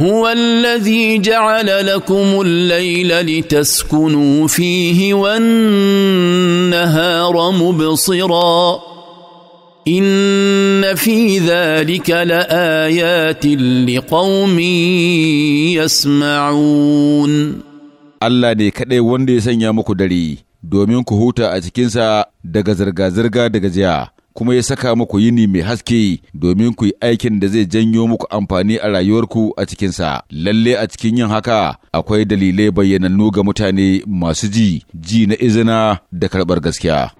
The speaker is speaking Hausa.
هو الذي جعل لكم الليل لتسكنوا فيه والنهار مبصرا ان في ذلك لايات لقوم يسمعون الله ne kaɗai wanda ya sanya muku dare domin ku huta a cikinsa daga zirga-zirga daga jiya kuma ya saka muku yini mai haske domin ku yi aikin da zai janyo muku amfani a rayuwarku a cikinsa. Lalle a cikin yin haka akwai dalilai bayyanannu ga mutane masu ji, ji na izina da karɓar gaskiya.